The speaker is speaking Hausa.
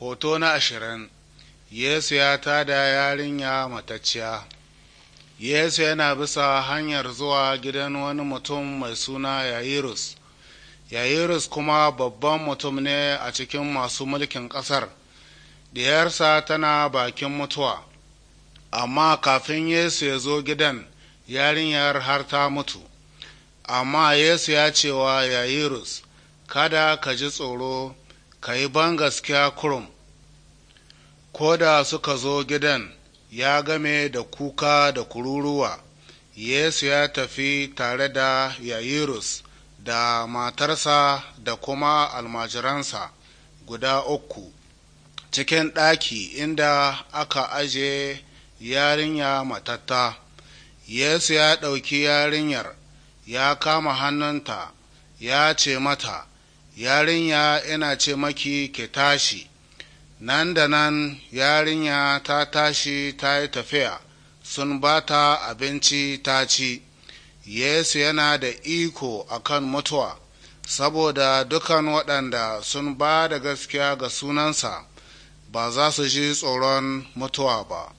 Hoto na ashirin Yesu ya tada yarinya matacciya Yesu yana bisa hanyar zuwa gidan wani mutum mai suna Yayirus. Yayirus kuma babban mutum ne a cikin masu mulkin ƙasar, diyarsa tana bakin mutuwa, amma kafin Yesu ya zo gidan yarinyar har ta mutu. Amma Yesu ya ce wa Yayirus, Kada ka ji tsoro. ka yi ban gaskiya kurum ko da suka zo gidan ya game da kuka da kururuwa yesu ya tafi tare da yayirus da matarsa da kuma almajiransa guda uku cikin ɗaki inda aka aje yarinya matatta yesu ya ɗauki yarinyar ya kama hannunta ya ce mata yarinya yana ce maki ke tashi nan da nan yarinya ta tashi ta yi tafiya sun ba ta abinci ta ci yesu yana da iko akan mutuwa saboda dukan waɗanda sun ba da gaskiya ga sunansa ba za su ji tsoron mutuwa ba